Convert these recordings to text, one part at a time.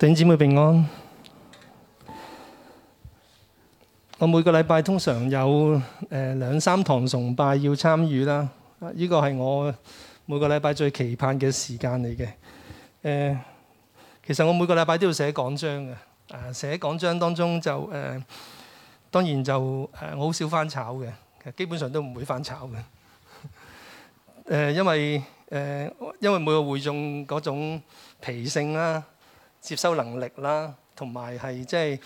弟兄姊妹平安。我每個禮拜通常有誒兩三堂崇拜要參與啦，呢個係我每個禮拜最期盼嘅時間嚟嘅。誒，其實我每個禮拜都要寫講章嘅。誒，寫講章當中就誒，當然就誒我好少翻炒嘅，基本上都唔會翻炒嘅。誒，因為誒，因為每個會眾嗰種脾性啦，接收能力啦，同埋係即係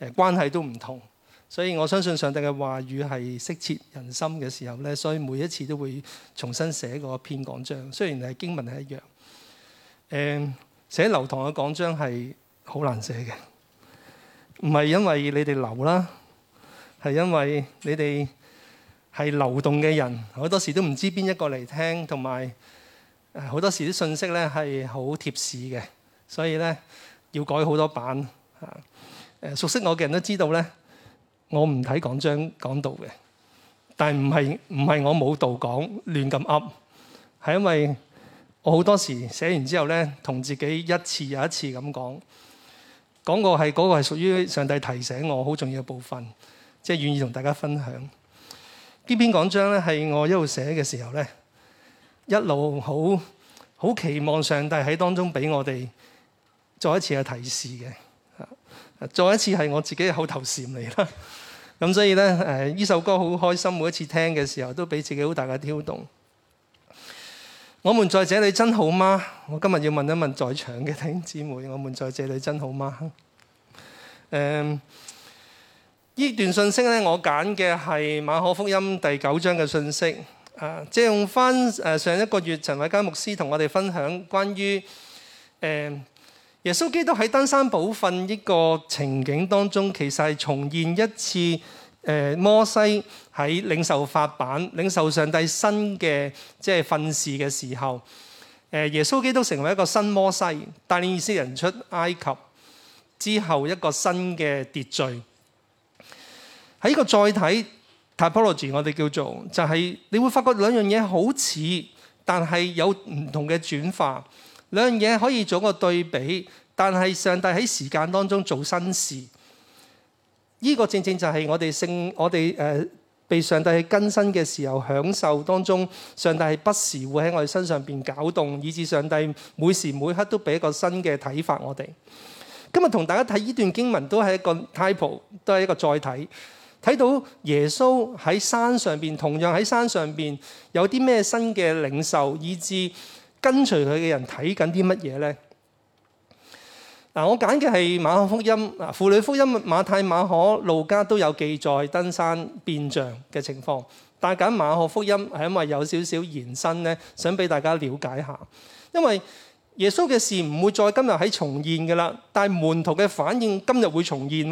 誒關係都唔同，所以我相信上帝嘅話語係適切人心嘅時候咧，所以每一次都會重新寫過篇講章，雖然係經文係一樣，誒、嗯、寫流堂嘅講章係好難寫嘅，唔係因為你哋流啦，係因為你哋係流動嘅人，好多時都唔知邊一個嚟聽，同埋好多時啲信息咧係好貼市嘅，所以咧。要改好多版嚇。誒、啊，熟悉我嘅人都知道咧，我唔睇講章講道嘅。但係唔係唔係我冇道講亂咁噏，係因為我好多時寫完之後咧，同自己一次又一次咁講，講過係嗰個係屬於上帝提醒我好重要嘅部分，即係願意同大家分享。呢篇講章咧係我一路寫嘅時候咧，一路好好期望上帝喺當中俾我哋。再一次係提示嘅，再一次係我自己嘅口頭禪嚟啦。咁 所以呢，誒、啊、呢首歌好開心，每一次聽嘅時候都俾自己好大嘅挑動。我們在這裡真好嗎？我今日要問一問在場嘅弟兄姊妹：我們在這裡真好嗎？誒、嗯，呢段信息呢，我揀嘅係馬可福音第九章嘅信息。啊，借用翻誒上一個月陳偉嘉牧師同我哋分享關於誒、嗯耶穌基督喺登山寶訓呢個情景當中，其實係重現一次誒、呃、摩西喺領受法版、領受上帝新嘅即係訓示嘅時候，呃、耶穌基督成為一個新摩西，帶領以色列人出埃及之後一個新嘅秩序。喺個載體 （typology），我哋叫做就係、是、你會發覺兩樣嘢好似，但係有唔同嘅轉化。兩樣嘢可以做一個對比，但係上帝喺時間當中做新事，呢、這個正正就係我哋性，我哋誒、呃、被上帝去更新嘅時候，享受當中，上帝係不時會喺我哋身上邊攪動，以至上帝每時每刻都俾一個新嘅睇法我哋。今日同大家睇呢段經文都係一個 type，都係一個載體，睇到耶穌喺山上邊，同樣喺山上邊有啲咩新嘅領受，以至……跟隨佢嘅人睇緊啲乜嘢呢？嗱，我揀嘅係馬可福音，婦女福音、馬太、馬可、路加都有記載登山變像嘅情況。但係揀馬可福音係因為有少少延伸呢，想俾大家了解下。因為耶穌嘅事唔會再今日喺重現㗎喇，但係門徒嘅反應今日會重現。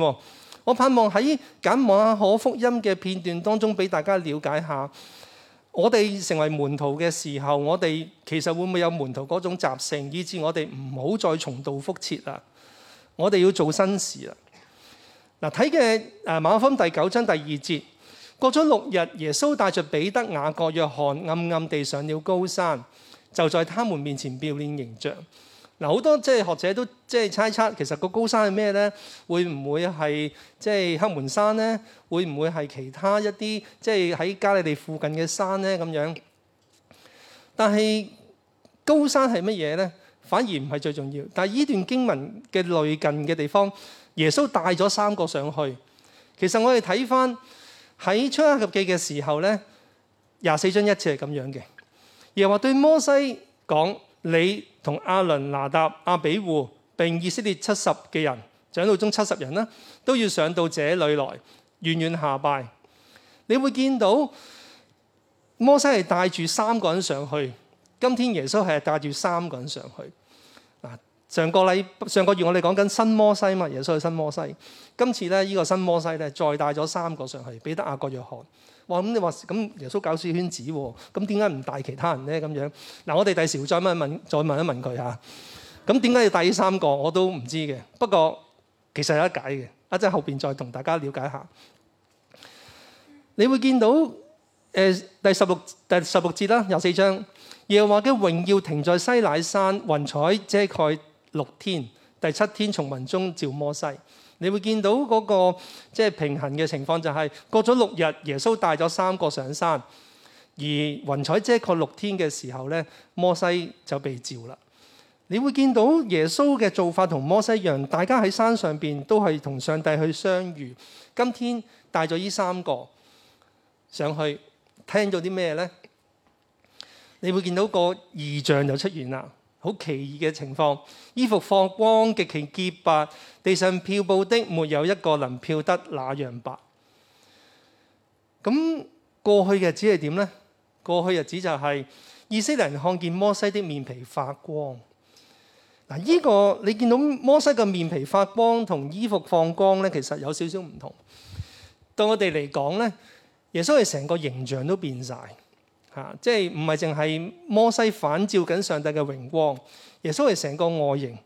我盼望喺揀馬可福音嘅片段當中，俾大家了解下。我哋成為門徒嘅時候，我哋其實會唔會有門徒嗰種習性，以致我哋唔好再重蹈覆轍啦？我哋要做新事啦！嗱，睇嘅誒馬可福音第九章第二節，過咗六日，耶穌帶著彼得、雅各、約翰，暗暗地上了高山，就在他們面前表現形象。嗱，好多即係學者都即係猜測，其實個高山係咩咧？會唔會係即係黑門山咧？會唔會係其他一啲即係喺加利利附近嘅山咧？咁樣，但係高山係乜嘢咧？反而唔係最重要。但係呢段經文嘅類近嘅地方，耶穌帶咗三個上去。其實我哋睇翻喺出埃及記嘅時候咧，廿四章一次係咁樣嘅，耶和華對摩西講。你同阿倫拿答、阿比戶並以色列七十嘅人，長老中七十人啦，都要上到這裏來，遠遠下拜。你會見到摩西係帶住三個人上去，今天耶穌係帶住三個人上去。嗱，上個禮上個月我哋講緊新摩西嘛，耶穌係新摩西。今次咧，呢個新摩西咧，再帶咗三個上去，彼得、雅各、約翰。話咁你話咁耶穌搞小圈子喎？咁點解唔帶其他人咧？咁樣，嗱，我哋第時會再問一問，再問一問佢嚇。咁點解要帶呢三個？我都唔知嘅。不過其實有得解嘅，啊，即係後邊再同大家了解下。你會見到誒、呃、第十六第十六節啦，廿四章，耶和華嘅榮耀停在西乃山，雲彩遮蓋六天，第七天從雲中召摩西。你會見到嗰、那個即係、就是、平衡嘅情況、就是，就係過咗六日，耶穌帶咗三個上山，而雲彩遮蓋六天嘅時候咧，摩西就被召啦。你會見到耶穌嘅做法同摩西一樣，大家喺山上邊都係同上帝去相遇。今天帶咗呢三個上去，聽到啲咩呢？你會見到個異象就出現啦，好奇異嘅情況，衣服放光，極其潔白。地上漂布的沒有一個能漂得那樣白。咁過去嘅日子係點呢？過去嘅日子就係、是、以色列人看見摩西的面皮發光。嗱、這個，依個你見到摩西嘅面皮發光同衣服放光咧，其實有少少唔同。對我哋嚟講咧，耶穌係成個形象都變晒，吓，即係唔係淨係摩西反照緊上帝嘅榮光，耶穌係成個外形。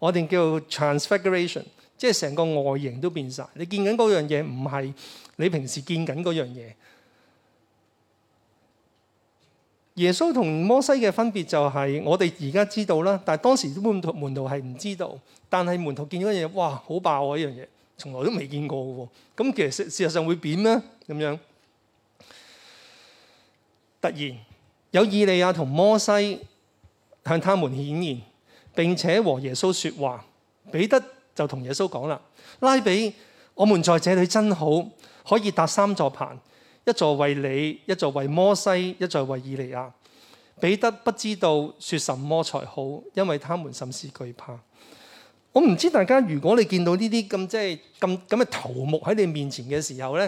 我哋叫 transfiguration，即係成個外形都變晒。你見緊嗰樣嘢唔係你平時見緊嗰樣嘢。耶穌同摩西嘅分別就係，我哋而家知道啦，但係當時啲門徒門徒係唔知道。但係門徒見到樣嘢，哇，好爆啊！依樣嘢從來都未見過嘅喎。咁其實事實上會變咩咁樣？突然有以利亞同摩西向他們顯現。並且和耶穌說話，彼得就同耶穌講啦：拉比，我們在這裡真好，可以搭三座棚，一座為你，一座為摩西，一座為以利亞。彼得不知道說什麼才好，因為他們甚是懼怕。我唔知大家如果你見到呢啲咁即係咁咁嘅頭目喺你面前嘅時候呢，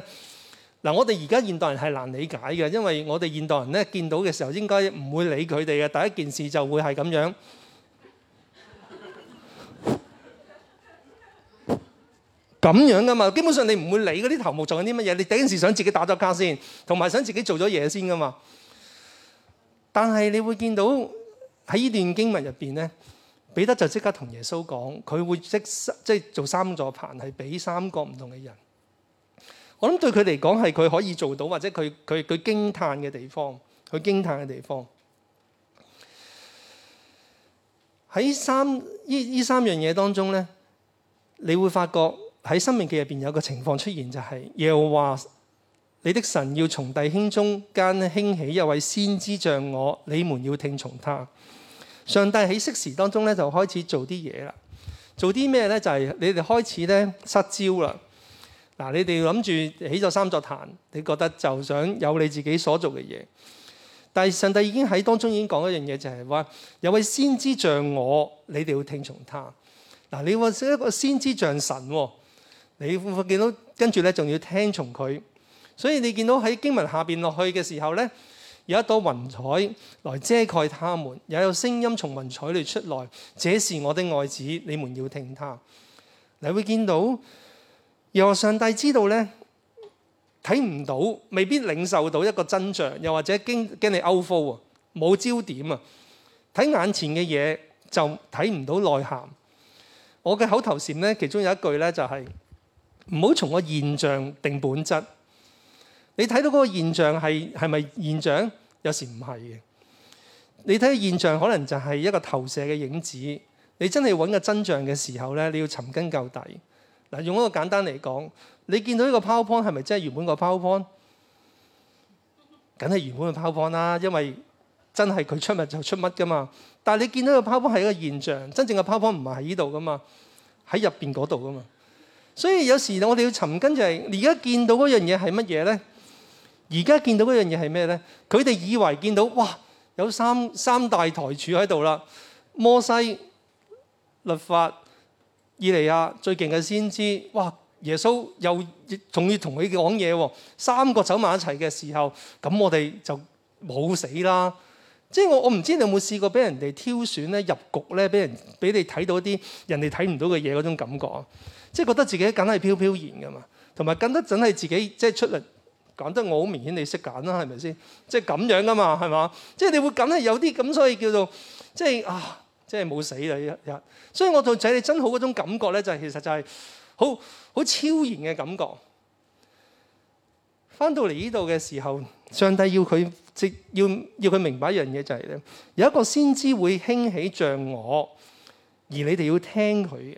嗱，我哋而家現代人係難理解嘅，因為我哋現代人呢，見到嘅時候應該唔會理佢哋嘅，第一件事就會係咁樣。咁樣噶嘛，基本上你唔會理嗰啲頭目做緊啲乜嘢？你第一時想自己打咗卡先，同埋想自己做咗嘢先噶嘛。但係你會見到喺呢段經文入邊咧，彼得就即刻同耶穌講，佢會即即係、就是、做三座棚，係俾三個唔同嘅人。我諗對佢嚟講係佢可以做到，或者佢佢佢驚歎嘅地方，佢驚歎嘅地方喺三呢呢三樣嘢當中咧，你會發覺。喺《申命記》入邊有個情況出現，就係、是、耶和華你的神要從弟兄中間興起一位先知像我，你們要聽從他。上帝喺息時當中咧就開始做啲嘢啦，做啲咩咧？就係、是、你哋開始咧失焦啦。嗱，你哋諗住起咗三座壇，你覺得就想有你自己所做嘅嘢，但係上帝已經喺當中已經講一樣嘢，就係、是、話有位先知像我，你哋要聽從他。嗱，你話一個先知像神喎、哦？你會見到跟住咧，仲要聽從佢，所以你見到喺經文下邊落去嘅時候咧，有一朵雲彩來遮蓋他們，又有聲音從雲彩裏出來。這是我的愛子，你們要聽他。你會見到又話上帝知道咧，睇唔到，未必領受到一個真相，又或者經經你歐夫啊，冇焦點啊，睇眼前嘅嘢就睇唔到內涵。我嘅口頭禪咧，其中有一句咧就係、是。唔好從個現象定本質。你睇到嗰個現象係係咪現象？有時唔係嘅。你睇現象可能就係一個投射嘅影子。你真係揾個真相嘅時候咧，你要尋根究底。嗱，用一個簡單嚟講，你見到呢個 PowerPoint 係咪真係原本個 PowerPoint？梗係原本個 PowerPoint 啦，因為真係佢出物就出乜噶嘛。但係你見到個 PowerPoint 係一個現象，真正嘅 PowerPoint 唔係喺呢度噶嘛，喺入邊嗰度噶嘛。所以有時我哋要尋根就係而家見到嗰樣嘢係乜嘢咧？而家見到嗰樣嘢係咩咧？佢哋以為見到哇有三三大台柱喺度啦，摩西律法、以利亞最勁嘅先知，哇！耶穌又仲要同佢講嘢喎，三個走埋一齊嘅時候，咁我哋就冇死啦。即係我，我唔知你有冇試過俾人哋挑選咧入局咧，俾人俾你睇到啲人哋睇唔到嘅嘢嗰種感覺，即係覺得自己梗係飄飄然㗎嘛，同埋緊得真係自己即係出嚟講得我好明顯、啊，你識揀啦，係咪先？即係咁樣噶嘛，係嘛？即係你會梗係有啲咁，所以叫做，即係啊，即係冇死啊！一日，所以我對仔女真好嗰種感覺咧，就係其實就係好好超然嘅感覺。翻到嚟呢度嘅時候，上帝要佢。即要要佢明白一樣嘢就係、是、咧，有一個先知會興起像我，而你哋要聽佢嘅。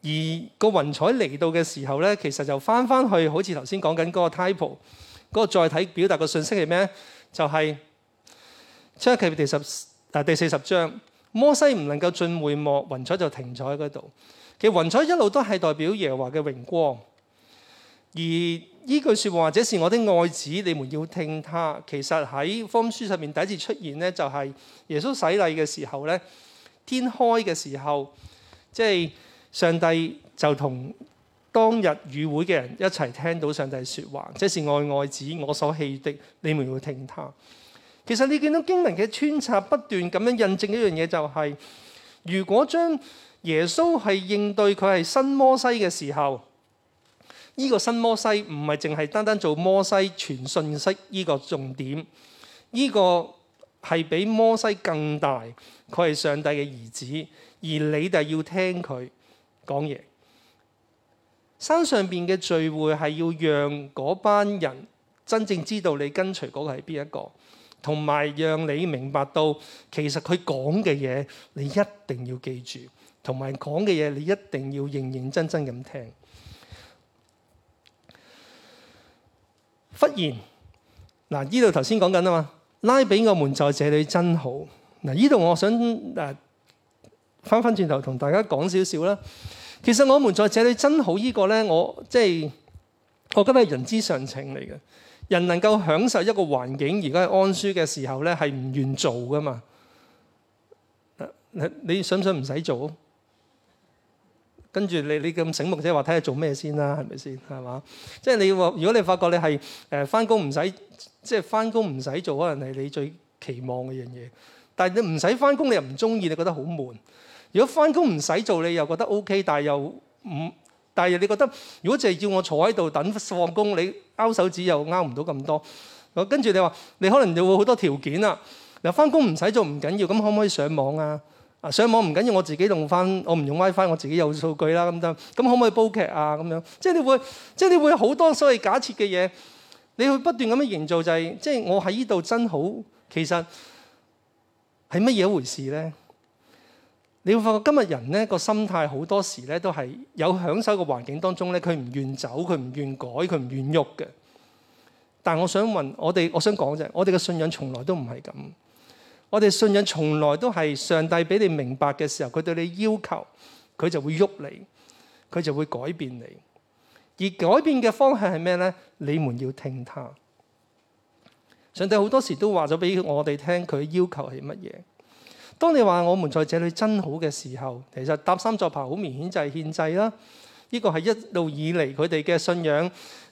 而個雲彩嚟到嘅時候咧，其實就翻翻去，好似頭先講緊嗰個 type 嗰個載體表達嘅信息係咩咧？就係出埃及第十嗱第四十章，摩西唔能夠進會幕，雲彩就停咗喺嗰度。其實雲彩一路都係代表耶和華嘅榮光，而。呢句説話，這是我的愛子，你們要聽他。其實喺福音書上面第一次出現呢，就係耶穌洗禮嘅時候咧，天開嘅時候，即係上帝就同當日與會嘅人一齊聽到上帝説話，這是我的愛子，我所喜的，你們要聽他。其實你見到經文嘅穿插不斷咁樣印證一樣嘢、就是，就係如果將耶穌係應對佢係新摩西嘅時候。呢個新摩西唔係淨係單單做摩西傳信息呢個重點，呢、呢個係比摩西更大，佢係上帝嘅兒子，而你就要聽佢講嘢。山上邊嘅聚會係要讓嗰班人真正知道你跟隨嗰個係邊一個，同埋讓你明白到其實佢講嘅嘢你一定要記住，同埋講嘅嘢你一定要認認真真咁聽。忽然嗱，依度頭先講緊啊嘛，拉比，我們在這裡真好嗱，依度我想嗱，呃，返返轉頭同大家講少少啦。其實我們在這裡真好個呢個咧，我即係我覺得係人之常情嚟嘅。人能夠享受一個環境，而家係安舒嘅時候咧，係唔願做㗎嘛。你你想唔想唔使做？跟住你你咁醒目即係，話睇下做咩先啦，係咪先係嘛？即係你話，如果你發覺你係誒翻工唔使，即係翻工唔使做，可能係你最期望嘅樣嘢。但係你唔使翻工，你又唔中意，你覺得好悶。如果翻工唔使做，你又覺得 OK，但係又唔，但係你覺得，如果淨係叫我坐喺度等放工，你勾手指又勾唔到咁多。跟住你話，你可能就會好多條件啦。嗱，翻工唔使做唔緊要，咁可唔可以上網啊？啊！上網唔緊要，我自己用翻，我唔用 WiFi，我自己有數據啦咁就。咁可唔可以煲劇啊？咁樣，即係你會，即係你會好多所謂假設嘅嘢，你會不斷咁樣營造、就係，就係即係我喺呢度真好，其實係乜嘢回事咧？你會發覺今日人咧個心態好多時咧都係有享受嘅環境當中咧，佢唔願走，佢唔願改，佢唔願喐嘅。但係我想問我哋，我想講就係，我哋嘅信仰從來都唔係咁。我哋信仰從來都係上帝俾你明白嘅時候，佢對你要求，佢就會喐你，佢就會改變你。而改變嘅方向係咩呢？你們要聽他。上帝好多時都話咗俾我哋聽，佢要求係乜嘢？當你話我們在這裏真好嘅時候，其實搭三座棚好明顯就係獻祭啦。呢、這個係一路以嚟佢哋嘅信仰，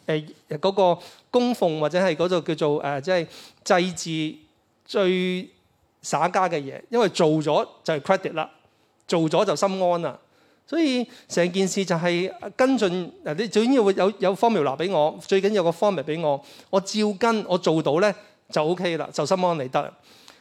誒、呃，嗰、那個供奉或者係嗰度叫做誒，即、呃、係、就是、祭祀最。撒家嘅嘢，因為做咗就係 credit 啦，做咗就心安啦。所以成件事就係跟進，你最緊要會有有 formula 俾我，最緊要有個 formula 俾我，我照跟，我做到咧就 OK 啦，就心安理得。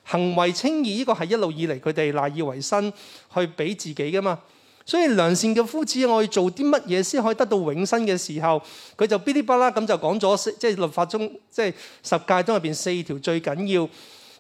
行為稱義呢個係一路以嚟佢哋賴以為生去俾自己噶嘛。所以良善嘅夫子，我要做啲乜嘢先可以得到永生嘅時候，佢就噼哩啪啦咁就講咗，即係律法中，即係十戒中入邊四條最緊要。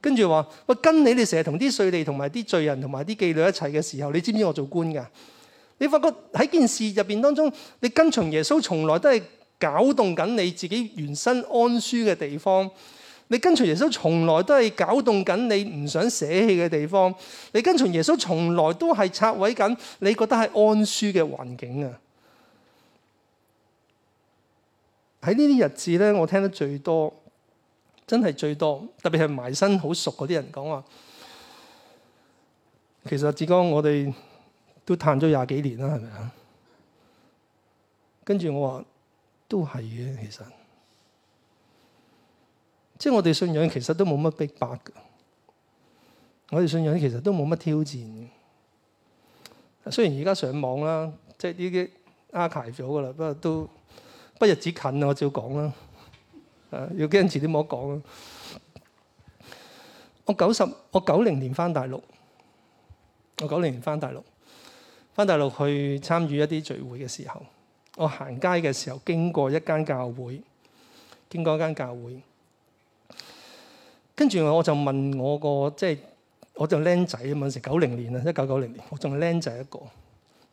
跟住話：喂，跟你哋成日同啲稅吏、同埋啲罪人、同埋啲妓女一齊嘅時候，你知唔知我做官㗎？你發覺喺件事入邊當中，你跟從耶穌從來都係搞動緊你自己原身安舒嘅地方；你跟從耶穌從來都係搞動緊你唔想捨棄嘅地方；你跟從耶穌從來都係拆毀緊你覺得係安舒嘅環境啊！喺呢啲日子咧，我聽得最多。真係最多，特別係埋身好熟嗰啲人講話。其實智剛，我哋都談咗廿幾年啦，係咪啊？跟住我話都係嘅，其實即係我哋信仰其實都冇乜逼迫嘅，我哋信仰其實都冇乜挑戰嘅。雖然而家上網啦，即係啲啲 archive 咗嘅啦，不過都不日子近啊，我照講啦。誒、啊、要驚遲啲冇得講咯、啊！我九十我九零年翻大陸，我九零年翻大陸，翻大陸去參與一啲聚會嘅時候，我行街嘅時候經過一間教會，經過一間教會，跟住我就問我個即係我就僆仔啊嘛！時九零年啊，一九九零年，我仲僆仔一個，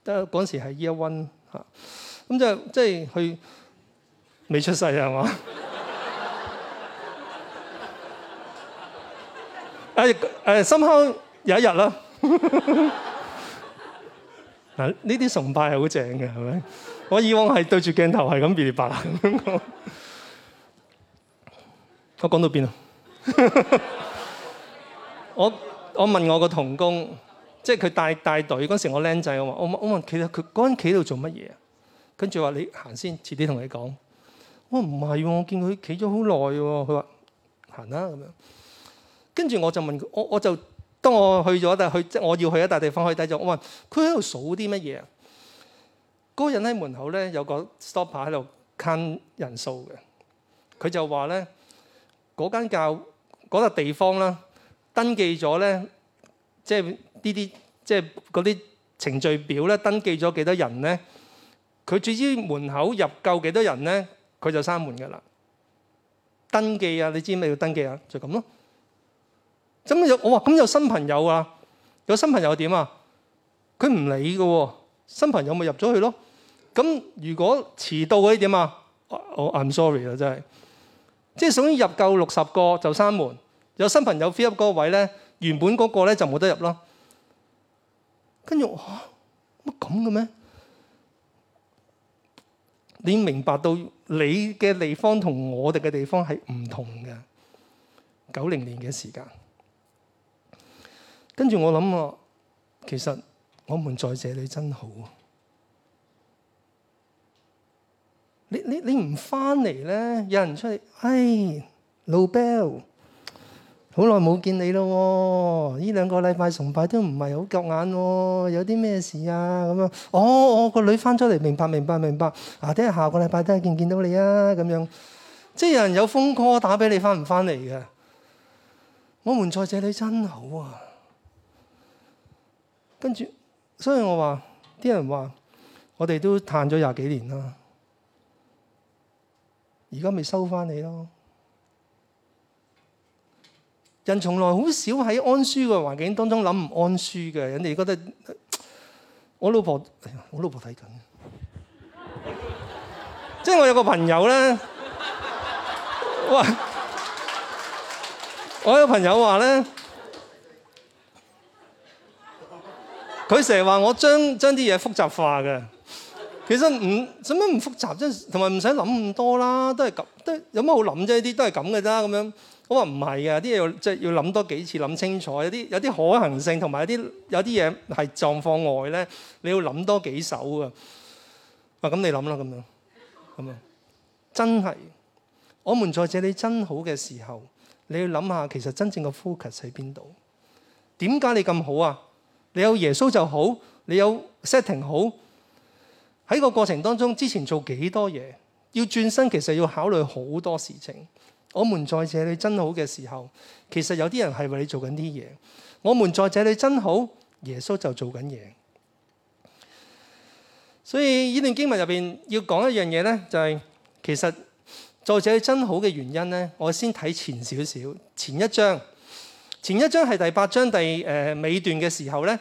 得嗰陣時係 Year One 咁就即係、就是、去未出世啊嘛～ 誒誒，深秋、哎哎、有一日啦。嗱，呢 啲崇拜係好正嘅，係咪？我以往係對住鏡頭係咁 bilibala 咁樣講。我講到邊啊？我我問我個童工，即係佢帶帶隊嗰時，我僆仔我話我我問，其實佢嗰陣企度做乜嘢？跟住話你行先，遲啲同你講。我唔係喎，我見佢企咗好耐喎。佢話行啦咁樣。跟住我就問佢，我我就當我去咗，但係去即係我要去一大地方，去低就我問佢喺度數啲乜嘢？嗰個人喺門口咧有個 stopper 喺度 count 人數嘅。佢就話咧，嗰間教嗰個地方啦，登記咗咧，即係呢啲即係嗰啲程序表咧，登記咗幾多人咧？佢只要門口入夠幾多人咧，佢就閂門㗎啦。登記啊，你知唔知要登記啊？就咁咯。咁有我話咁有新朋友啊，有新朋友點啊？佢唔理嘅喎，新朋友咪入咗去咯。咁如果遲到嗰啲點啊？我我 I'm sorry 啦，真係，即係想入夠六十個就閂門。有新朋友 fit 入個位咧，原本嗰個咧就冇得入啦。跟住嚇乜咁嘅咩？你明白到你嘅地方同我哋嘅地方係唔同嘅。九零年嘅時間。跟住我諗啊，其實我們在這裡真好。你你你唔翻嚟咧，有人出嚟，哎，老表，好耐冇見你咯、哦。呢兩個禮拜崇拜都唔係好夾眼喎、哦，有啲咩事啊咁啊？哦哦，我個女翻咗嚟，明白明白明白。啊，聽日下個禮拜聽日見唔見到你啊？咁樣。即係有人有風哥打俾你，翻唔翻嚟嘅？我們在這裡真好啊！跟住，所以我話啲人話，我哋都嘆咗廿幾年啦，而家咪收翻你咯。人從來好少喺安舒嘅環境當中諗唔安舒嘅，人哋覺得我老婆，我老婆睇緊，即係我有個朋友呢，我我有朋友話呢。佢成日話我將將啲嘢複雜化嘅，其實唔使乜唔複雜，即係同埋唔使諗咁多啦，都係咁，都有乜好諗啫？啲都係咁嘅咋咁樣？我話唔係啊，啲嘢要即係、就是、要諗多幾次，諗清楚有啲有啲可行性，同埋有啲有啲嘢係狀況外咧，你要諗多幾手啊！咁你諗啦，咁樣咁樣，咁樣，真係我們在這裡真好嘅時候，你要諗下其實真正嘅 focus 喺邊度？點解你咁好啊？你有耶穌就好，你有 setting 好，喺個過程當中，之前做幾多嘢，要轉身其實要考慮好多事情。我們在這裏真好嘅時候，其實有啲人係為你做緊啲嘢。我們在這裏真好，耶穌就做緊嘢。所以呢段經文入邊要講一樣嘢呢，就係、是、其實在這裏真好嘅原因呢，我先睇前少少，前一章。前一章係第八章第誒、呃、尾段嘅時候咧，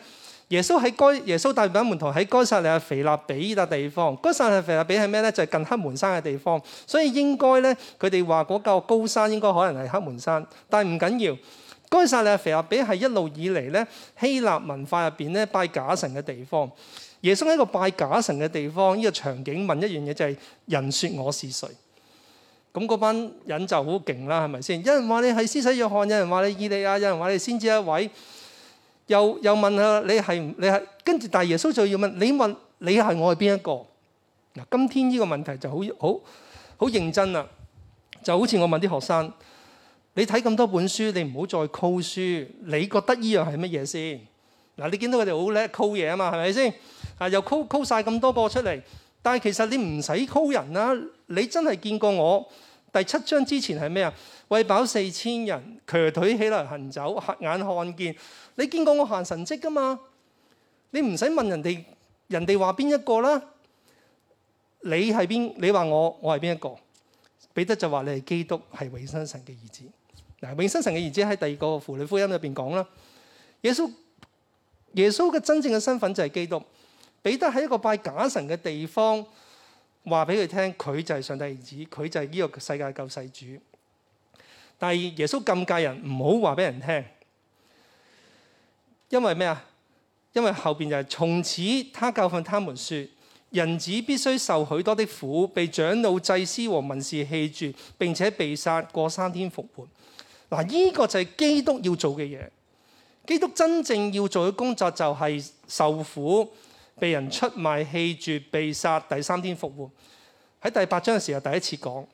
耶穌喺該耶穌帶門徒喺該撒利亞腓立比依笪地方。該撒利亞腓立比係咩咧？就係、是、近黑門山嘅地方，所以應該咧佢哋話嗰嚿高山應該可能係黑門山，但係唔緊要緊。該撒利亞腓立比係一路以嚟咧希臘文化入邊咧拜假神嘅地方，耶穌喺一個拜假神嘅地方，呢、這個場景問一樣嘢就係、是、人說我是誰。咁嗰班人就好勁啦，係咪先？有人話你係施洗約翰，有人話你以利亞，有人話你先知一位。又又問下你係你係？跟住，大耶穌就要問你問你係我係邊一個？嗱，今天呢個問題就好好好認真啦，就好似我問啲學生：你睇咁多本書，你唔好再 call 書，你覺得呢樣係乜嘢先？嗱，你見到佢哋好叻 call 嘢啊嘛，係咪先？啊，又 call call 曬咁多個出嚟，但係其實你唔使 call 人啦，你真係見過我。第七章之前係咩啊？餵飽四千人，瘸腿起來行走，瞎眼看見，你見過我行神蹟噶嘛？你唔使問人哋，人哋話邊一個啦，你係邊？你話我，我係邊一個？彼得就話你係基督，係永生神嘅兒子。嗱，永生神嘅兒子喺第二個符類福音裏邊講啦。耶穌耶穌嘅真正嘅身份就係基督。彼得喺一個拜假神嘅地方。話俾佢聽，佢就係上帝兒子，佢就係呢個世界救世主。但係耶穌禁戒人唔好話俾人聽，因為咩啊？因為後邊就係、是、從此他教訓他們說，人子必須受許多的苦，被長老祭司和文士棄絕，並且被殺，過三天復活。嗱，呢個就係基督要做嘅嘢。基督真正要做嘅工作就係受苦。被人出賣、棄絕、被殺，第三天復活。喺第八章嘅時候，第一次講；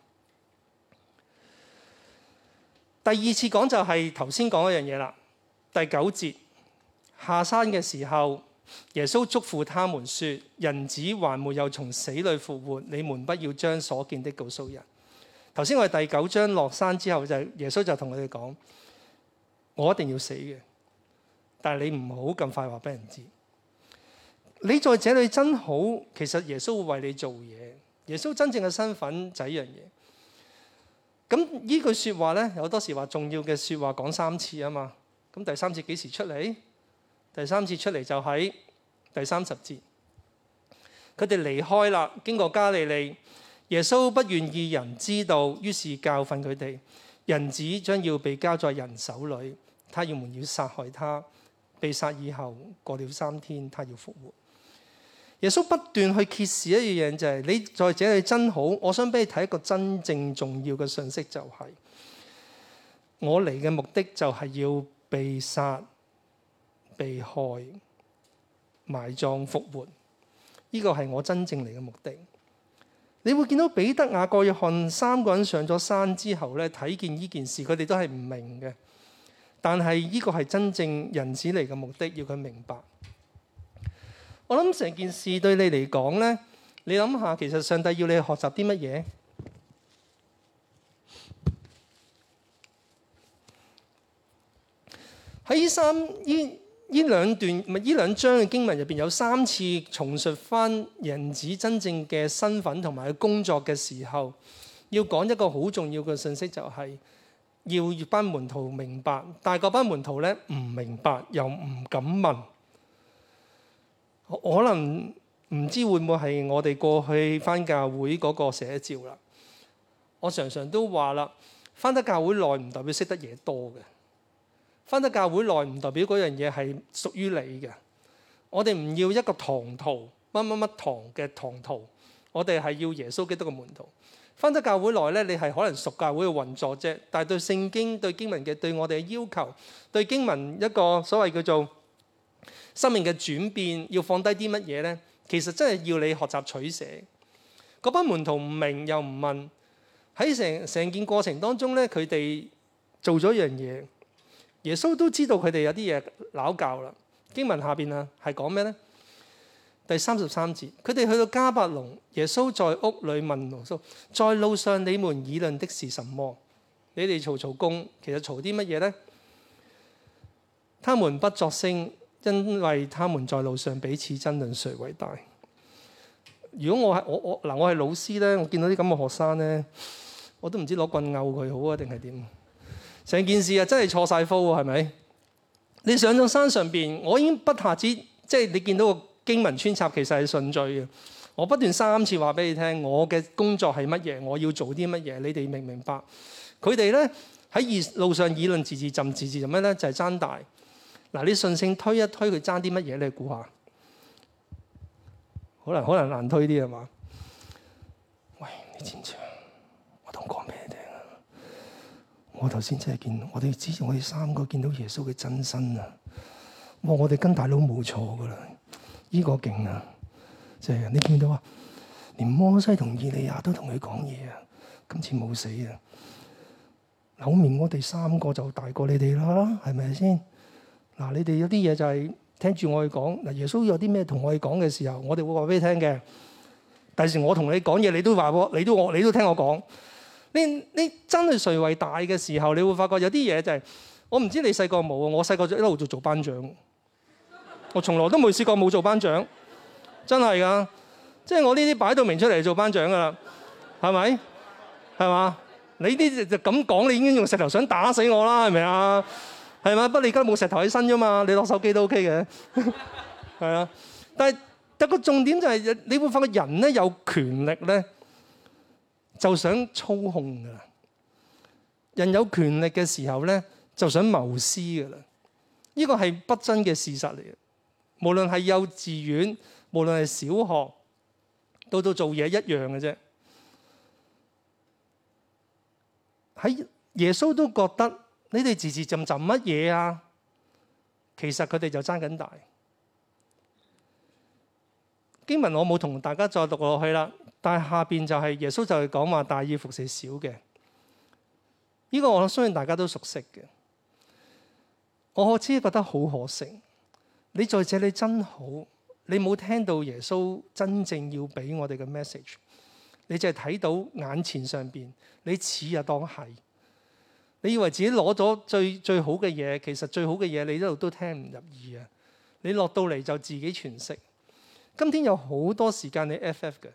第二次講就係頭先講一樣嘢啦。第九節下山嘅時候，耶穌囑咐他們說：人子還沒有從死裡復活，你們不要將所見的告訴人。頭先我係第九章落山之後就耶穌就同佢哋講：我一定要死嘅，但係你唔好咁快話俾人知。你在這裏真好，其實耶穌會為你做嘢。耶穌真正嘅身份就係一樣嘢。咁呢句說話呢，有好多時話重要嘅說話講三次啊嘛。咁第三次幾時出嚟？第三次出嚟就喺第三十節。佢哋離開啦，經過加利利，耶穌不願意人知道，於是教訓佢哋：人子將要被交在人手裏，他要門要殺害他，被殺以後過了三天，他要復活。耶穌不斷去揭示一樣嘢，就係、是、你在這裏真好。我想俾你睇一個真正重要嘅信息、就是，就係我嚟嘅目的就係要被殺、被害、埋葬、復活。呢、這個係我真正嚟嘅目的。你會見到彼得、雅各、約翰三個人上咗山之後咧，睇見呢件事，佢哋都係唔明嘅。但係呢個係真正人子嚟嘅目的，要佢明白。我諗成件事對你嚟講呢，你諗下，其實上帝要你學習啲乜嘢？喺呢三呢呢兩段唔係呢兩章嘅經文入邊，有三次重述翻人子真正嘅身份同埋佢工作嘅時候，要講一個好重要嘅信息，就係要班門徒明白，但係嗰班門徒呢唔明白又唔敢問。可能唔知會唔會係我哋過去返教會嗰個寫照啦。我常常都話啦，返得教會耐唔代表識得嘢多嘅，返得教會耐唔代表嗰樣嘢係屬於你嘅。我哋唔要一個堂徒乜乜乜堂嘅堂徒，我哋係要耶穌基督嘅門徒。返得教會耐咧，你係可能熟教會嘅運作啫，但係對聖經、對經文嘅對我哋嘅要求，對經文一個所謂叫做。生命嘅轉變要放低啲乜嘢呢？其實真係要你學習取捨。嗰班門徒唔明又唔問，喺成成件過程當中咧，佢哋做咗樣嘢。耶穌都知道佢哋有啲嘢拗交啦。經文下邊啊係講咩呢？第三十三節，佢哋去到迦百農，耶穌在屋裏問門徒說：「在路上你們議論的是什麼？你哋嘈嘈貢，其實嘈啲乜嘢呢？」他們不作聲。因為他們在路上彼此爭論誰為大。如果我係我我嗱我係老師咧，我見到啲咁嘅學生咧，我都唔知攞棍毆佢好啊定係點？成件事啊真係錯晒科喎，係咪？你上到山上邊，我已經不下知即係你見到個經文穿插其實係順序嘅。我不斷三次話俾你聽，我嘅工作係乜嘢，我要做啲乜嘢，你哋明唔明白？佢哋咧喺路路上議論自自朕自自就咩咧？就係、是、爭大。嗱，你順性推一推佢爭啲乜嘢你估下，可能可能難推啲係嘛？喂，你知唔知我同你講咩啫？我頭先真係見我哋，之前我哋三個見到耶穌嘅真身啊！哇！我哋跟大佬冇錯噶啦，呢個勁啊！即係你見到啊，連摩西同以利亞都同佢講嘢啊，今次冇死啊！扭面，我哋三個就大過你哋啦，係咪先？嗱，你哋有啲嘢就係聽住我哋講。嗱，耶穌有啲咩同我哋講嘅時候，我哋會話俾你聽嘅。第時我同你講嘢，你都話喎，你都我，你都聽我講。你你真係誰為大嘅時候，你會發覺有啲嘢就係我唔知你細個冇啊。我細個就一路就做班長，我從來都冇試過冇做班長，真係噶。即係我呢啲擺到明出嚟做班長噶啦，係咪？係嘛？你啲就咁講，你已經用石頭想打死我啦，係咪啊？係嘛？不過你而家冇石頭喺身啫嘛，你攞手機都 OK 嘅。係 啊，但係一個重點就係、係，你會發覺人咧有權力咧，就想操控噶啦。人有權力嘅時候咧，就想謀私噶啦。呢個係不爭嘅事實嚟嘅。無論係幼稚園，無論係小學，到到做嘢一樣嘅啫。喺耶穌都覺得。你哋自自浸浸乜嘢啊？其實佢哋就爭緊大經文，我冇同大家再讀落去啦。但係下邊就係耶穌就係講話大意服侍少嘅，呢、這個我相信大家都熟悉嘅。我可知覺得好可惜，你在這裡真好，你冇聽到耶穌真正要俾我哋嘅 message，你就係睇到眼前上邊，你似又當係。你以為自己攞咗最最好嘅嘢，其實最好嘅嘢你一路都聽唔入耳啊！你落到嚟就自己詮釋。今天有好多時間你 FF 嘅，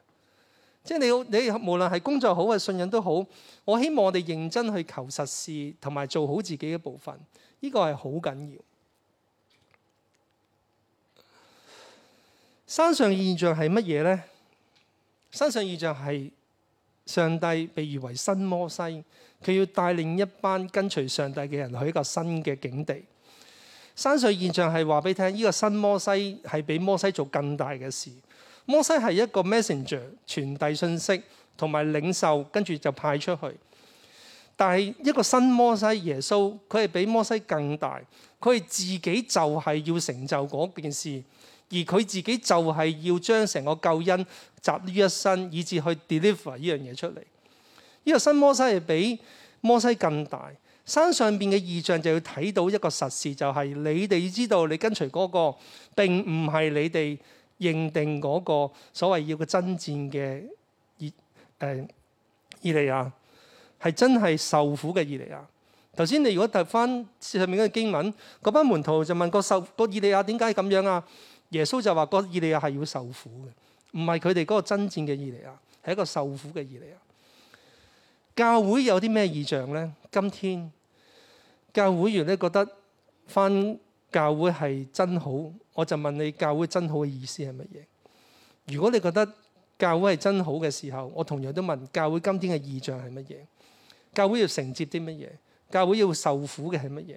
即係你你無論係工作好啊、信任都好，我希望我哋認真去求實事，同埋做好自己嘅部分，呢個係好緊要。山上現象係乜嘢呢？山上現象係。上帝被譽為新摩西，佢要帶領一班跟隨上帝嘅人去一個新嘅境地。山水現象係話俾聽，呢、這個新摩西係比摩西做更大嘅事。摩西係一個 m e s s e n g e r 傳遞信息同埋領袖，跟住就派出去。但係一個新摩西，耶穌佢係比摩西更大，佢係自己就係要成就嗰件事。而佢自己就係要將成個救恩集於一身，以至去 deliver 呢樣嘢出嚟。呢、這個新摩西係比摩西更大。山上邊嘅異象就要睇到一個實事，就係、是、你哋知道你跟隨嗰、那個並唔係你哋認定嗰個所謂要嘅真戰嘅以，呃，以利亞，係真係受苦嘅以利亞。頭先你如果睇返上面嗰個經文，嗰班門徒就問受、那個受個以利亞點解咁樣啊？耶穌就話，那個以利亞係要受苦嘅，唔係佢哋嗰個爭戰嘅以利亞，係一個受苦嘅以利亞。教會有啲咩異象呢？今天教會員咧覺得返教會係真好，我就問你教會真好嘅意思係乜嘢？如果你覺得教會係真好嘅時候，我同樣都問教會今天嘅異象係乜嘢？教會要承接啲乜嘢？教會要受苦嘅係乜嘢？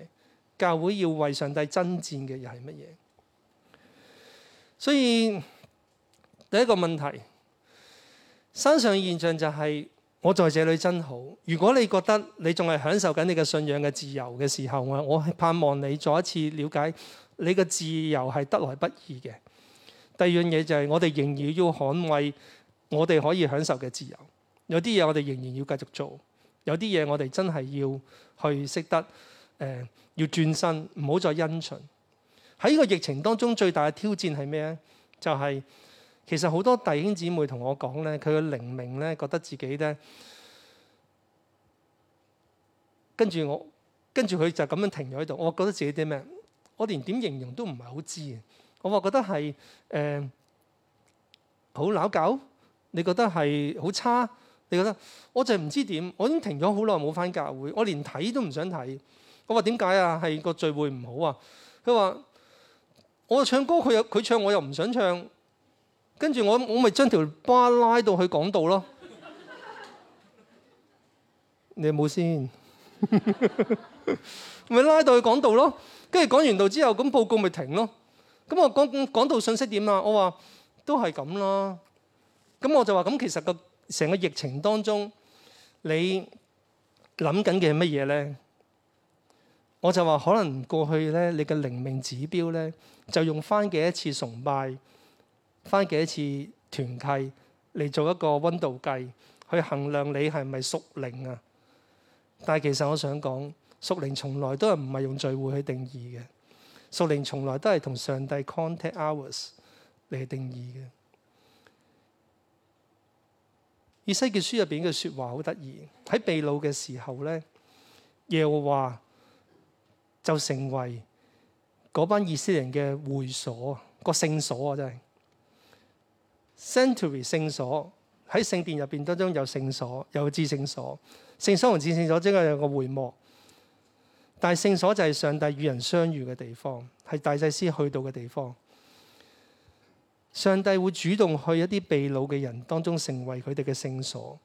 教會要為上帝爭戰嘅又係乜嘢？所以第一個問題，山上現象就係、是、我在這裏真好。如果你覺得你仲係享受緊你嘅信仰嘅自由嘅時候啊，我係盼望你再一次了解你嘅自由係得來不易嘅。第二樣嘢就係、是、我哋仍然要捍衞我哋可以享受嘅自由。有啲嘢我哋仍然要繼續做，有啲嘢我哋真係要去識得誒、呃、要轉身，唔好再因循。喺呢個疫情當中，最大嘅挑戰係咩咧？就係、是、其實好多弟兄姊妹同我講咧，佢嘅靈命咧，覺得自己咧，跟住我跟住佢就咁樣停咗喺度。我覺得自己啲咩？我連點形容都唔係好知。我話覺得係誒好鬧交？你覺得係好差？你覺得？我就係唔知點。我已經停咗好耐冇返教會，我連睇都唔想睇。我話點解啊？係個聚會唔好啊？佢話。我唱歌佢又佢唱我又唔想唱，跟住我我咪將條巴拉到去港度講道咯。你有冇先？咪 拉到去講道咯。跟住講完道之後，咁報告咪停咯。咁我講講道信息點啊？我話都係咁啦。咁我就話咁，其實個成個疫情當中，你諗緊嘅係乜嘢咧？我就話可能過去咧，你嘅靈命指標咧，就用翻幾多次崇拜，翻幾多次團契嚟做一個溫度計，去衡量你係咪屬靈啊？但係其實我想講，屬靈從來都係唔係用聚會去定義嘅，屬靈從來都係同上帝 contact hours 嚟定義嘅。以西結書入邊嘅説話好得意，喺秘魯嘅時候咧，耶和華。就成為嗰班以色列人嘅會所，個聖所啊，真係。Century 聖所喺聖殿入邊當中有聖所，有至聖所。聖所同至聖所真係有個會幕。但係聖所就係上帝與人相遇嘅地方，係大祭司去到嘅地方。上帝會主動去一啲被擄嘅人當中，成為佢哋嘅聖所。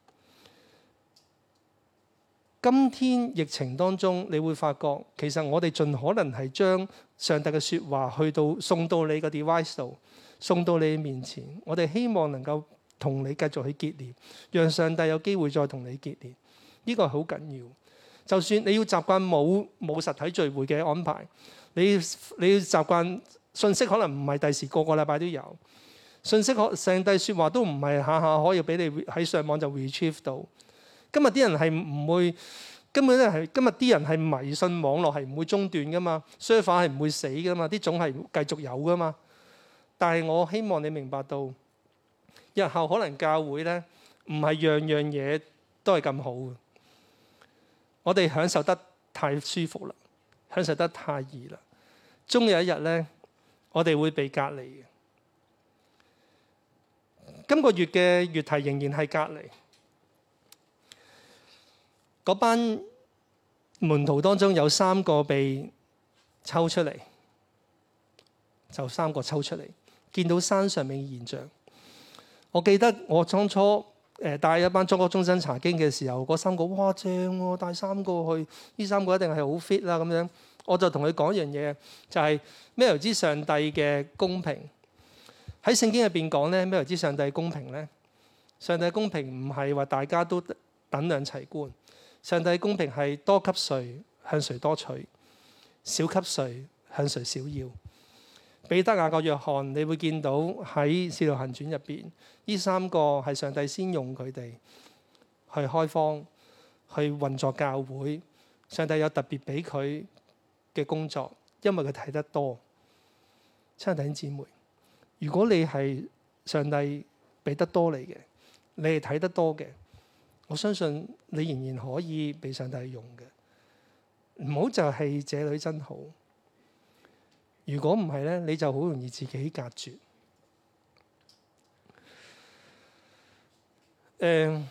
今天疫情當中，你會發覺其實我哋盡可能係將上帝嘅説話去到送到你個 device 度，送到你，到送到你面前。我哋希望能夠同你繼續去結連，讓上帝有機會再同你結連。呢、呢個好緊要。就算你要習慣冇冇實體聚會嘅安排，你你要習慣信息可能唔係第時個個禮拜都有，信息上帝説話都唔係下下可以俾你喺上網就 retrieve 到。今日啲人係唔會，根本咧係今日啲人係迷信網絡係唔會中斷噶嘛，server 係唔會死噶嘛，啲種係繼續有噶嘛。但係我希望你明白到，日後可能教會咧唔係樣樣嘢都係咁好嘅，我哋享受得太舒服啦，享受得太易啦。終有一日咧，我哋會被隔離嘅。今個月嘅月題仍然係隔離。嗰班門徒當中有三個被抽出嚟，就三個抽出嚟，見到山上面嘅現象。我記得我當初誒帶、呃、一班中國中身查經嘅時候，嗰三個哇正喎、啊，帶三個去，呢三個一定係好 fit 啦咁樣。我就同佢講一樣嘢，就係咩由之上帝嘅公平喺聖經入邊講咧，咩由之上帝公平咧？上帝公平唔係話大家都等量齊觀。上帝公平係多給誰向誰多取，少給誰向誰少要。彼得、雅各、約翰，你會見到喺《使徒行傳》入邊，呢三個係上帝先用佢哋去開荒，去運作教會。上帝有特別俾佢嘅工作，因為佢睇得多。親弟兄姊妹，如果你係上帝俾得多你嘅，你係睇得多嘅。我相信你仍然可以俾上帝用嘅，唔好就係這裏真好。如果唔係咧，你就好容易自己隔絕。誒，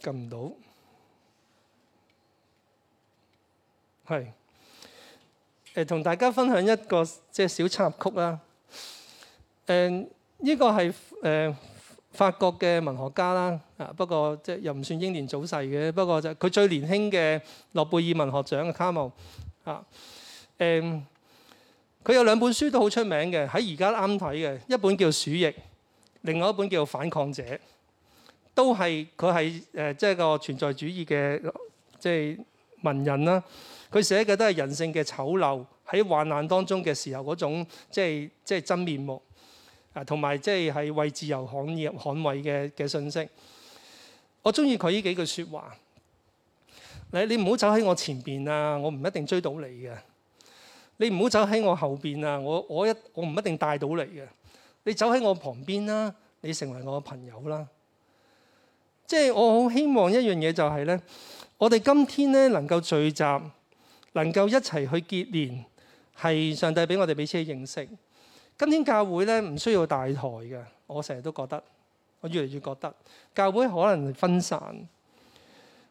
撳唔到，係誒，同大家分享一個即係小插曲啦。誒，呢個係誒。法國嘅文學家啦，啊不過即係又唔算英年早逝嘅，不過就佢最年輕嘅諾貝爾文學獎嘅卡繆，啊、嗯、誒，佢有兩本書都好出名嘅，喺而家啱睇嘅一本叫《鼠疫》，另外一本叫《反抗者》都，都係佢係誒即係個存在主義嘅即係文人啦。佢寫嘅都係人性嘅醜陋，喺患難當中嘅時候嗰種即係即係真面目。啊，同埋即係係為自由行業捍衞嘅嘅信息，我我，我中意佢呢幾句説話。你你唔好走喺我前邊啊，我唔一定追到你嘅。你唔好走喺我後邊啊，我一我一我唔一定帶到你嘅。你走喺我旁邊啦，你成為我嘅朋友啦。即係我好希望一樣嘢就係咧，我哋今天咧能夠聚集，能夠一齊去結連，係上帝俾我哋彼此嘅認識。今天教會咧唔需要大台嘅。我成日都覺得，我越嚟越覺得教會可能係分散。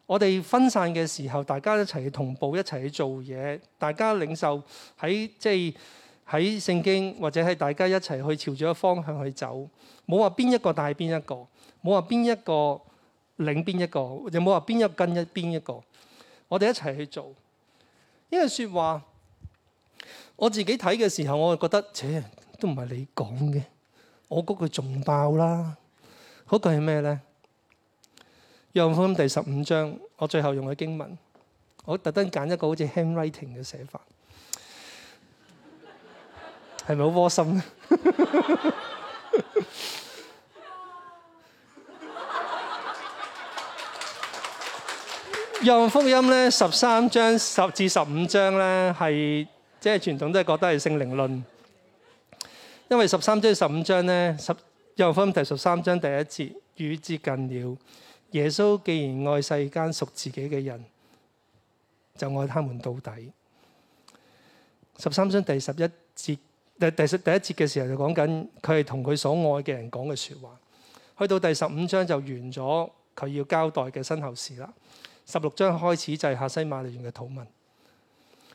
我哋分散嘅時候，大家一齊同步，一齊去做嘢，大家領袖喺即係喺聖經，或者係大家一齊去朝住一個方向去走，冇話邊一個帶邊一個，冇話邊一個領邊一個，又冇話邊一跟一邊一個，我哋一齊去做因為説話。我自己睇嘅時候，我就覺得，都唔係你講嘅，我嗰句仲爆啦！嗰句係咩呢？《約翰福音》第十五章，我最後用嘅經文，我特登揀一個好似 handwriting 嘅寫法，係咪好窩心呢？《約翰福音》呢十三章十至十五章呢，係即係傳統都係覺得係聖靈論。因為十三章十五章呢，十約翰福音第十三章第一節，與接近了耶穌，既然愛世間屬自己嘅人，就愛他們到底。十三章第十一節，第第第一節嘅時候就講緊，佢係同佢所愛嘅人講嘅說話。去到第十五章就完咗，佢要交代嘅身後事啦。十六章開始就係下西馬利園嘅討論。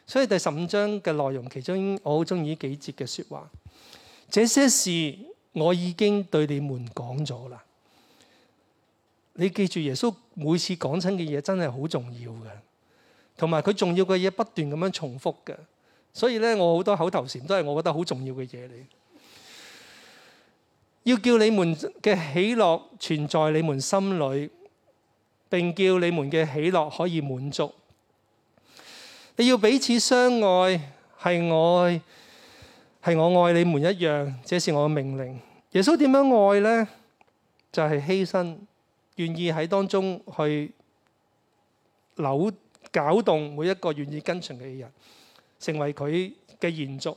所以第十五章嘅內容，其中我好中意呢幾節嘅說話。這些事我已經對你們講咗啦。你記住，耶穌每次講親嘅嘢真係好重要嘅，同埋佢重要嘅嘢不斷咁樣重複嘅。所以咧，我好多口頭禪都係我覺得好重要嘅嘢嚟。要叫你們嘅喜樂存在你們心裏，並叫你們嘅喜樂可以滿足。你要彼此相愛，係愛。係我愛你們一樣，這是我嘅命令。耶穌點樣愛呢？就係、是、犧牲，願意喺當中去扭、攪動每一個願意跟隨嘅人，成為佢嘅延續。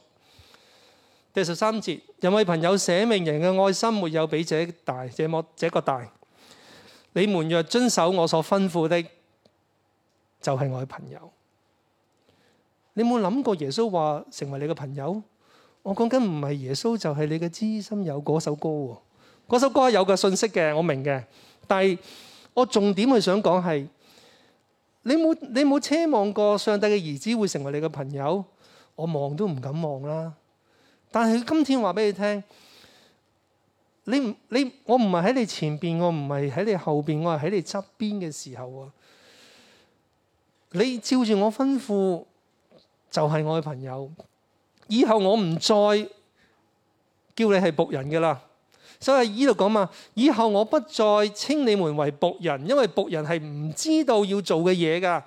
第十三節，有位朋友寫明人嘅愛心沒有比這大，這麼、這個大。你們若遵守我所吩咐的，就係、是、我嘅朋友。你有冇諗過耶穌話成為你嘅朋友？我講緊唔係耶穌，就係、是、你嘅知心友嗰首歌喎。嗰首歌有個信息嘅，我明嘅。但係我重點係想講係你冇你冇奢望過上帝嘅兒子會成為你嘅朋友，我望都唔敢望啦。但係佢今天話俾你聽，你唔你我唔係喺你前邊，我唔係喺你後邊，我係喺你側邊嘅時候啊！你照住我吩咐，就係、是、我嘅朋友。以後我唔再叫你係僕人嘅啦，所以呢度講嘛，以後我不再稱你們為僕人，因為僕人係唔知道要做嘅嘢噶。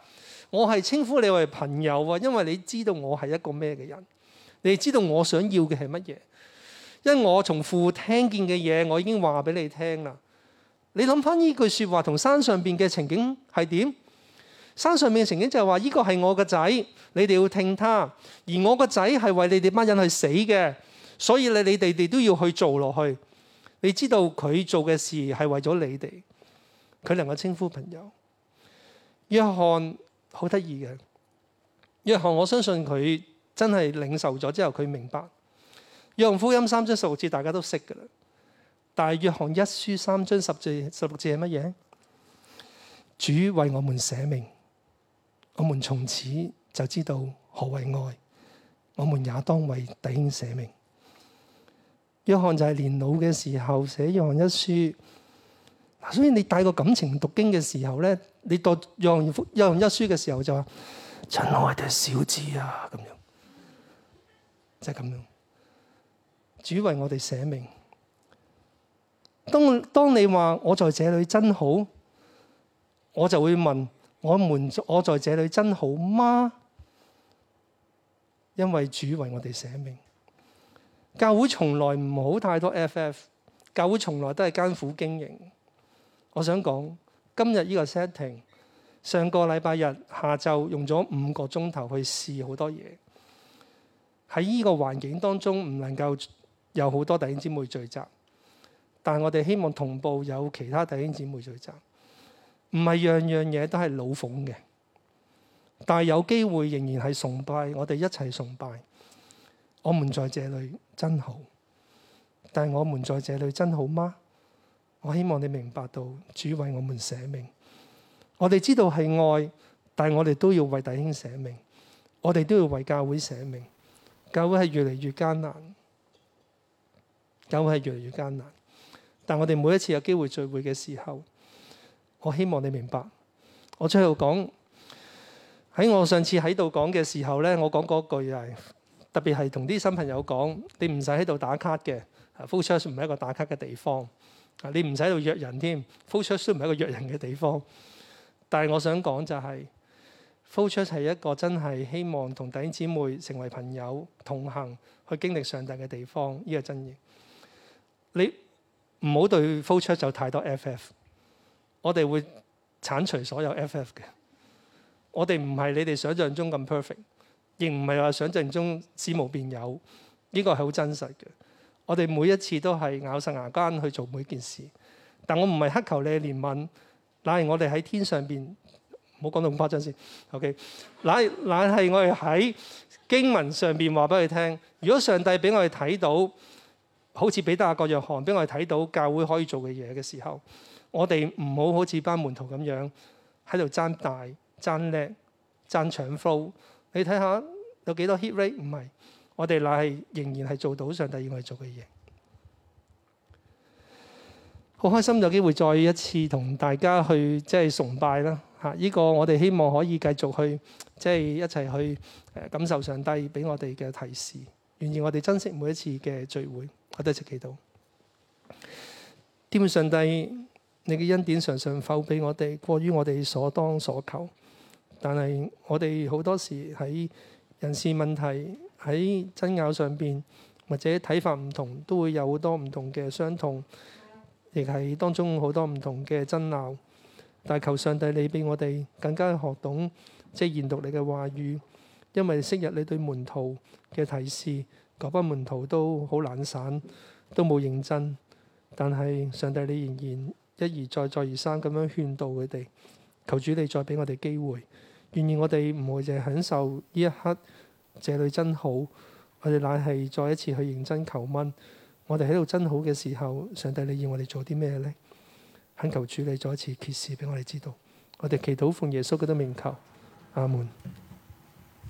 我係稱呼你為朋友喎，因為你知道我係一個咩嘅人，你知道我想要嘅係乜嘢。因我從父聽見嘅嘢，我已經話俾你聽啦。你諗翻呢句説話同山上邊嘅情景係點？山上面嘅情景就係話：依個係我嘅仔，你哋要聽他。而我個仔係為你哋班人去死嘅，所以你你哋哋都要去做落去。你知道佢做嘅事係為咗你哋，佢能夠稱呼朋友。約翰好得意嘅，約翰我相信佢真係領受咗之後，佢明白約翰福音三章十六節大家都識噶啦。但係約翰一書三章十六節、十六節係乜嘢？主為我們捨命。我們從此就知道何為愛，我們也當為弟兄捨命。約翰就係年老嘅時候寫約翰一書。嗱，所以你帶個感情讀經嘅時候咧，你讀約翰一書嘅時候就話：親愛嘅小子啊，咁樣，即係咁樣。主為我哋捨命。當當你話我在這裏真好，我就會問。我們，我在這裡真好嗎？因為主為我哋捨命。教會從來唔好太多 FF，教會從來都係艱苦經營。我想講今日呢個 setting，上個禮拜日下晝用咗五個鐘頭去試好多嘢。喺呢個環境當中唔能夠有好多弟兄姊妹聚集，但我哋希望同步有其他弟兄姊妹聚集。唔係樣樣嘢都係老奉嘅，但係有機會仍然係崇拜，我哋一齊崇拜。我們在這裏真好，但係我們在這裏真好嗎？我希望你明白到，主為我們捨命。我哋知道係愛，但係我哋都要為弟兄捨命，我哋都要為教會捨命。教會係越嚟越艱難，教會係越嚟越艱難。但我哋每一次有機會聚會嘅時候，我希望你明白，我再喺度講喺我上次喺度講嘅時候咧，我講嗰句係特別係同啲新朋友講，你唔使喺度打卡嘅 flow church 唔係一個打卡嘅地方。你唔使喺度約人添 flow church 唔係一個約人嘅地方。但係我想講就係 flow church 係一個真係希望同弟兄姊妹成為朋友、同行去經歷上帝嘅地方，呢個真意。你唔好對 flow church 有太多 FF。我哋會剷除所有 FF 嘅，我哋唔係你哋想象中咁 perfect，亦唔係話想象中絲無變有，呢、這個係好真實嘅。我哋每一次都係咬實牙關去做每件事，但我唔係乞求你憐憫，乃係我哋喺天上邊，唔好講到咁誇張先。OK，乃乃係我哋喺經文上邊話俾你聽，如果上帝俾我哋睇到，好似彼得阿個約翰，俾我哋睇到教會可以做嘅嘢嘅時候。我哋唔好好似班門徒咁樣喺度爭大、爭叻、爭搶 flow。你睇下有幾多 hit rate？唔係我哋乃係仍然係做到上帝要我哋做嘅嘢。好開心有機會再一次同大家去即係崇拜啦嚇！呢個我哋希望可以繼續去即係一齊去感受上帝俾我哋嘅提示，願意我哋珍惜每一次嘅聚會。我都一直祈禱，賜上帝。你嘅恩典常常否俾我哋過於我哋所當所求，但係我哋好多時喺人事問題、喺爭拗上邊或者睇法唔同，都會有好多唔同嘅傷痛，亦係當中好多唔同嘅爭拗。但求上帝，你俾我哋更加學懂即係研讀你嘅話語，因為昔日你對門徒嘅提示，嗰班門徒都好懶散，都冇認真，但係上帝你仍然。一而再、再而三咁樣勸導佢哋，求主你再俾我哋機會，願意我哋唔會淨係享受呢一刻，這裏真好，我哋乃係再一次去認真求問，我哋喺度真好嘅時候，上帝你要我哋做啲咩呢？懇求主你再一次揭示俾我哋知道，我哋祈禱奉耶穌基督名求，阿門。